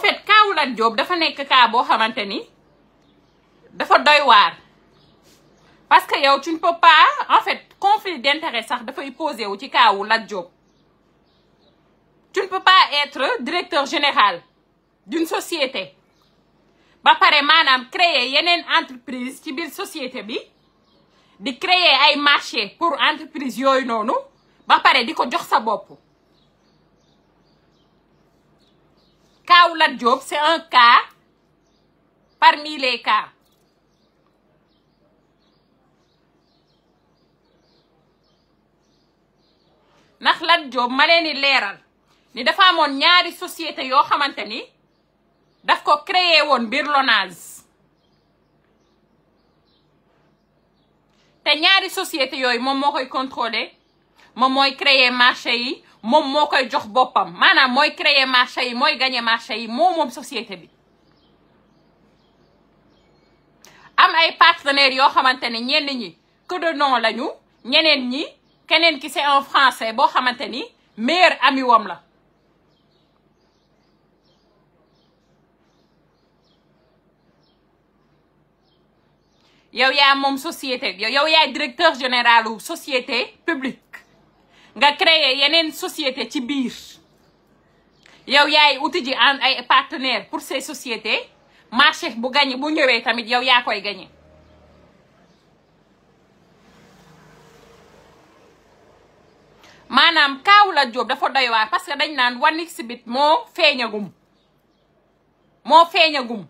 fait kaawu Lat Diop dafa nekk kaa boo xamante ni dafa doy waar parce que yow tu ne peux en fait conflit d'intérêt sax dafay posé wu ci kaawu Lat Diop tu ne peux pas directeur général d'une société ba pare maanaam créer yeneen entreprise ci biir société bi di créer ay marché pour entreprise yooyu noonu ba pare di ko jox sa bopp yow Lat Diop c'est un cas parmi les cas ndax Lat Diop male leen leeral ni dafa amoon ñaari société yoo xamante ni daf ko créé woon biir te ñaari société yooyu moom moo koy contrôler moom mooy créer marché yi moom moo koy jox boppam maanaam mooy créer marché yi mooy gagner marché yi moo moom société bi am ay partenaires yoo xamante ne ñenn ñi que de nom lañu ñeneen ñi keneen ki c'est un français boo xamante ni meilleur ami wam la yow yaa moom société yow yow yaay directeur général société publique nga créer yeneen société ci biir yow yaay uti ji en ay partenaire pour ces société marché bu gañe bu ñëwee tamit yow yaa koy gañe maanaam kaaw la Jóob dafa doy parce que dañ naan one x bit moo feeñagum moo feeñagum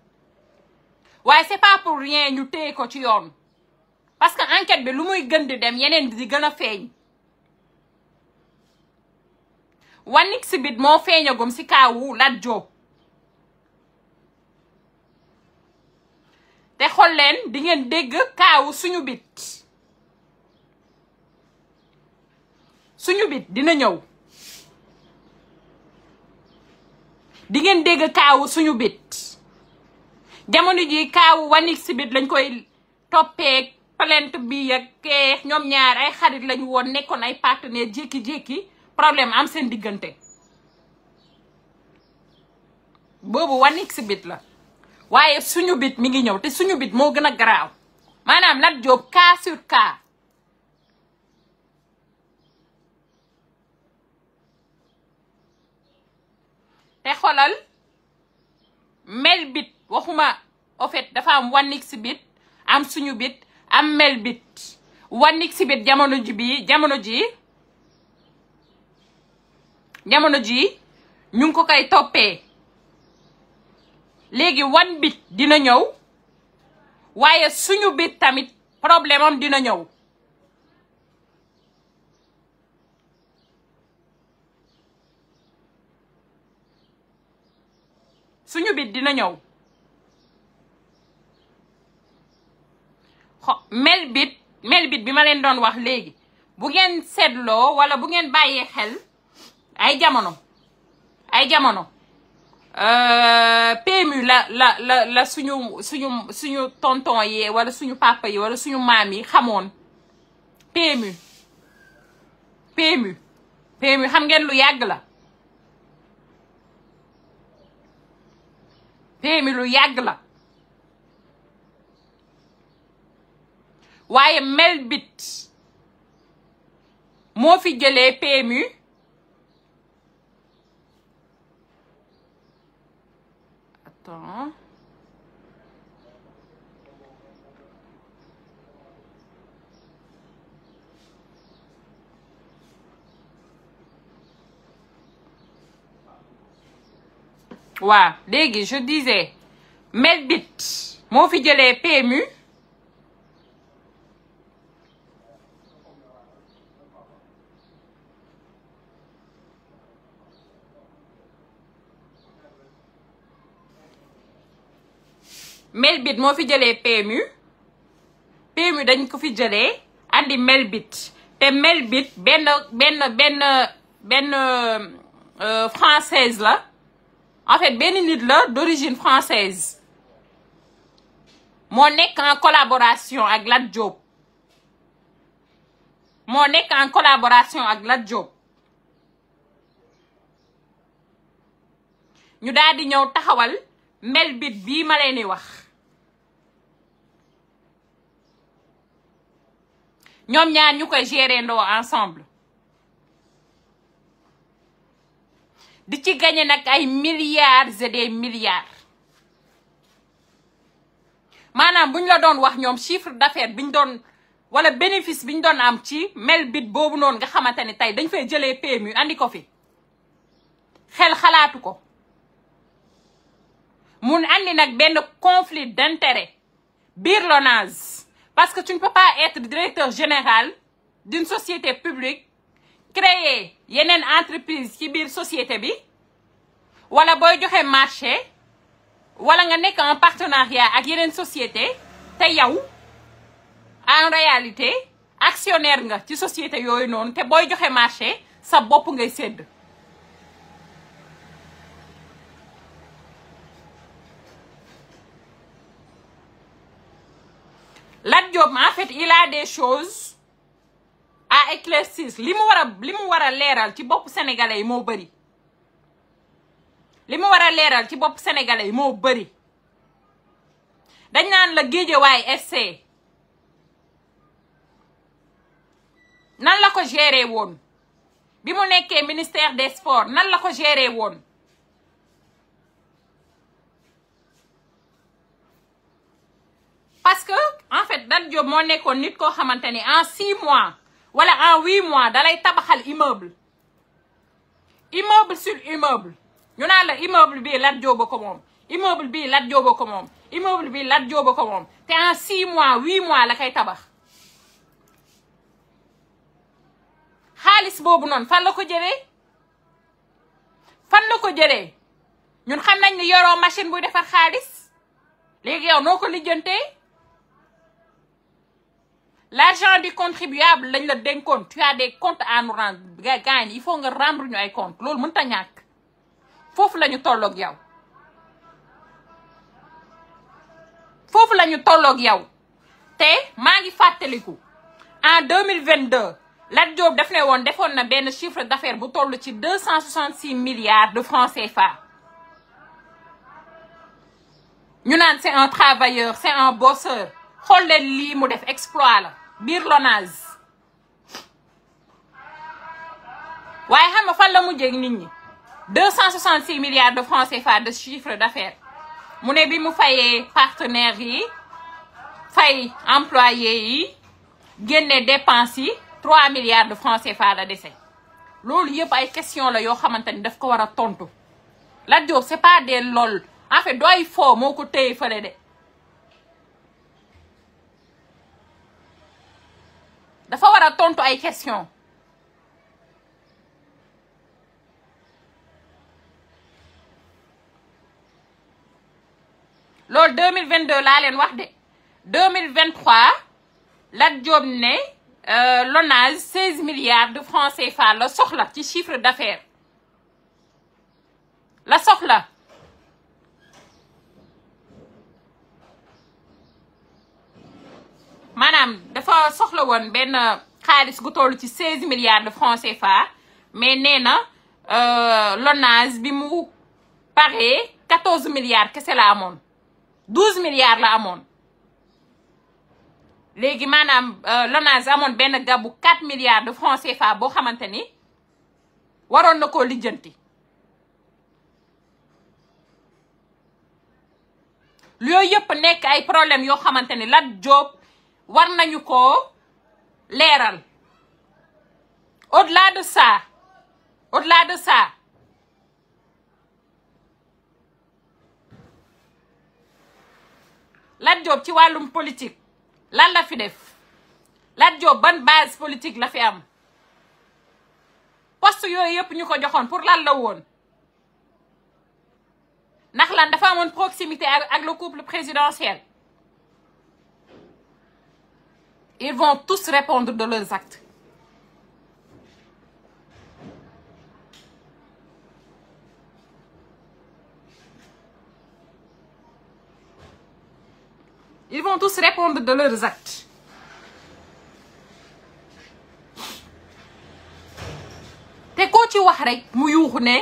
waaye c'est pas pour rien ñu téye ko ci yoon parce que enquête bi lu muy gën di dem yeneen di gën a feeñ wanik si bit moo feeñagum si kaawu Lat Diop te xool leen di ngeen dégg kaawu suñu bit suñu bit dina ñëw di ngeen dégg kaawu suñu bit jamono ji kaawu wanik si bit lañ koy toppee plainte bi ak keex eh, ñoom ñaar ay xarit lañu woon nekkoon ay partenaire jékki-jékki problème am seen diggante boobu one x la waaye suñu bit mi ngi ñëw te suñu bit moo gën a garaaw maanaam Lat Diop cas sur cas te xoolal mel bit waxuma en dafa am one x bit am suñu bit am mel bit one x bit ji bii jamono ji jamono jii ñu ngi ko koy toppee léegi wan bit dina ñëw waaye suñu bit tamit problème dina ñëw suñu bit dina ñëw mel bit mel bit bi ma leen doon wax léegi bu ngeen seddloo walla bu ngeen bàyyee xel ay jamono ay jamono euh, PMU la la la la suñu suñu suñu tonton yee wala suñu papa yi wala suñu maam yi xamoon PMU PMU PMU xam ngeen lu yàgg la PMU lu yàgg la waaye Melbit moo fi jëlee PMU temps waaw léegi je disais Maître Bit moo fi jëlee PMU Melbit moo fi jëlee PMU PMU dañ ko fi jëlee andi Melbit te Melbit benn benn benn benn euh, euh, française la en fait benn nit la d'origine française moo nekk en collaboration ak Lat Diop moo nekk en collaboration ak Lat Diop ñu daal ñëw taxawal Melbit bii ma leen di wax ñoom ñaar ñu koy gérer ndoo ensemble di ci gagné nag ay milliards et des milliards maanaam buñ la doon wax ñoom chiffre d'affaires biñ doon wala bénéfice biñ doon am ci mel bit boobu noonu nga xamante ni tey dañ fay jëlee PMU andi ko fi xel xalaatu ko mun andi nag benn conflit d'intérêt biir Lonase Parce que tu ne peux pas être directeur général d'une société publique créer yeneen entreprise ci biir société bi wala booy joxe marché wala nga nekk en partenariat ak yeneen société te yow en réalité actionnaire nga ci société yooyu noonu te booy joxe marché sa bopp ngay sédd Lat Diop en fait il a des choses à éclaircir li mu war a li mu war a leeral ci bopp sénégalais yi moo bëri li war a leeral ci bopp sénégalais yi moo bëri dañ naan la Guédiawaye FC nan la ko géré woon bi mu nekkee ministère de sports nan la ko géré woon parce que en fait Dan Diop moo nekkoon nit koo xamante ni en six mois wala en huit mois dalay tabaxal immeuble immeuble sur immeuble ñu naan la immeuble bii Lat Diop ko moom immeuble bii Lat Diop ko moom immeuble bii Lat Diop ko moom te en six mois huit mois la kay tabax xaalis boobu noonu fan la ko jëlee fan la ko jëlee ñun xam nañ ni yoroo machine buy defar xaalis léegi yow noo ko lijjantee l'argent du contribuable lañ la dénkoon tu de des comptes à nous rendre gaañ il faut nga rendre ñu ay comptes loolu mënut a ñàkk foofu la ñu tolloog yow. foofu la ñu tolloog yow te maa ngi fàttaliku en deux mille vingt deux Lat Diop daf ne woon defoon na benn chiffre d'affaires bu toll ci deux cent soixante six de francs CFA. ñu naan c'est un travailleur c'est un bosseur xool leen lii mu def exploit la biir Lonase waaye xam nga fan la mu mujjee nit ñi deux cent soixante six milliards de francs fa de chiffre d'affaires mu ne bi mu fayee partenaires yi fay employés yi génne dépenses yi trois milliards de francs CFA la dese loolu yëpp ay question la yoo xamante ni daf ko war a tontu Lat Diop c'est lool en fait dooy foo moo ko téye fële de dafa war a tontu ay question loolu 2022 laa leen wax de 2023 Lat Diop ne euh, l'ONAS 16 milliards de francs CFA la soxla ci chiffre d'affaires la soxla maanaam dafa soxla woon benn euh, xaalis gu toll ci seize milliards de francs CFA mais nee na euh, Lonase bi mu paree quatorze milliards kese la amoon douze milliards la amoon léegi maanaam euh, Lonase amoon benn gabu quatre milliards de francs CFA boo xamante ni waroon na ko lijjanti yooyu yëpp nekk ay problème yoo xamante ni Lat Diop war nañu ko leeral au-delà de ça au-delà de sa Lat Diop ci wàllum politique lan la fi def Lat Diop ban base politique la fi am poste yooyu yëpp ñu ko joxoon pour lan la woon ndax lan dafa amoon proximité ak le couple présidentiel ils vont tous répondre de leurs actes ils vont tous de leurs actes te koo ci wax rek mu yuuxu ne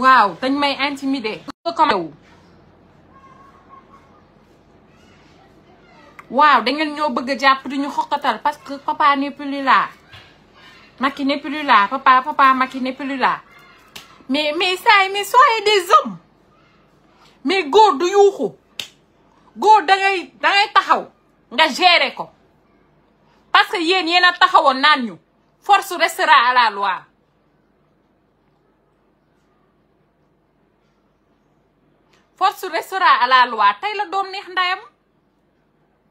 waaw dañ may intimider. waaw da ngeen ñoo bëgg a jàpp di ñu xoqatal parce que papa n'est plus là Macky n'est plus là papa papa Macky n'est mais mais saa mais soyez des hommes mais góor du yuuxu góor da ngay taxaw nga gérer ko parce que yéen yéen a taxawoon naan ñu force restera à la loi. force restera à la tey la doom neex ndayam.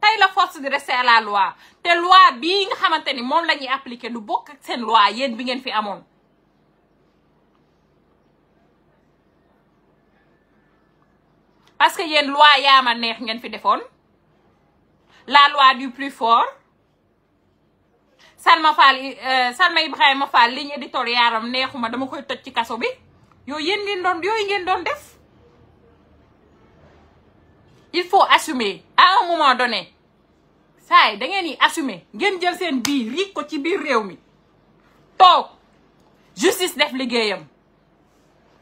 tey la force de rester à la loi te loi bii nga xamante ni moom la ñuy appliquer lu bokk ak seen loi yéen bi ngeen fi amoon parce que yéen loi yaa ma neex ngeen fi defoon la loi du plus fort Salma Fall euh, Salma Ibrahima Fall ligne éditoriale am neexuma dama koy toj ci kaso bi yooyu yéen ngeen doon yooyu ngeen doon def il faut assumer à un moment donné saay da ngeen yi assumer ngeen jël seen biir riig ko ci biir réew mi toog justice def liggéeyam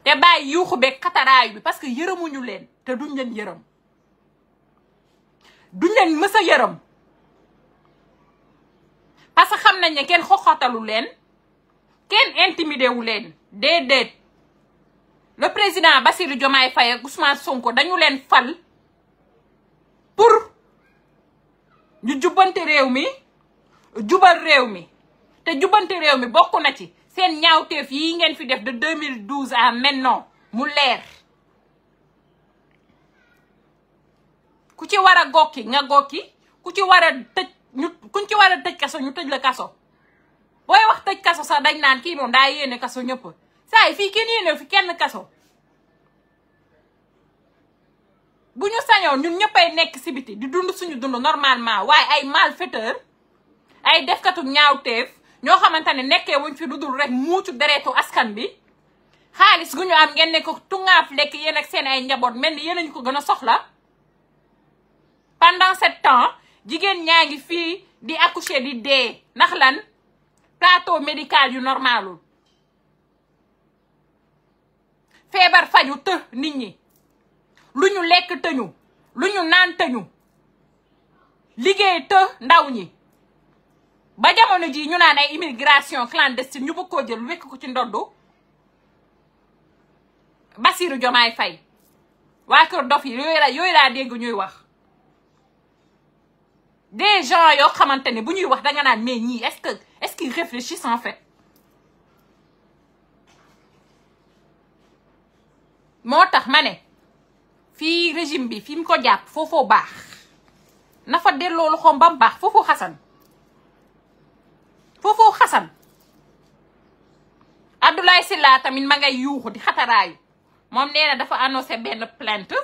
te bàyyi yuuxu beeg kataraay bi parce que yërëmuñu leen te duñ leen yërëm du leen mës yërëm parce que xam nañ ne kenn xoxatalu leen kenn intimidé wu leen déedéet le président Bassirou Diomaye Faye ak Ousmane Sonko dañu leen fal pour ñu jubbante réew mi jubal réew mi te jubbante réew mi bokk na ci seen ñaawteef yi ngeen fi def de 2012 à maintenant mu leer ku ci war a gokki nga gokki ku ci war a tëj ci war a tëj kaso ñu tëj la kaso booy wax tëj kaso sax dañ naan kii moom daa yéene kaso ñëpp saa fii kenn yéene fi kenn kaso bu ñu sañoon ñun ñëppay nekk si biti di dund suñu dund normalement waaye ay malfaiteur ay defkatu ñaawteef ñoo xamante ne nekkee wuñ fi dudul rek muucu deretu askan bi xaalis gu ñu am ngeen ne ko tungaaf lekk yéen ak seen ay njaboot mel ni yéen ñu ko gën a soxla pendant sept jigéen ñaa ngi fii di accoucher di dee ndax lan plateau médical yu normalul feebar faju të nit ñi lu ñu lekk tëñu lu ñu naan tëñu liggéey të ndaw ñi ba jamono jii ñu naan ay immigration clandestine ñu bëgg koo jël wekk ko ci ndoddu Bassirou Diomaye fay waa kër dof yi yooyu la ñuy wax des gens yoo xamante ne bu ñuy wax danga naan mais ñii est que est-ce qu'ils réfléchissent en fait moo tax ma ne fii régime bi fi mu ko jàpp foofoo baax na fa delloo loxoom ba mu baax foofoo xasan foofoo xasan Abdoulaye Sylla tamit ma ngay yuuxu di xataraayu moom nee dafa annoncé benn plainte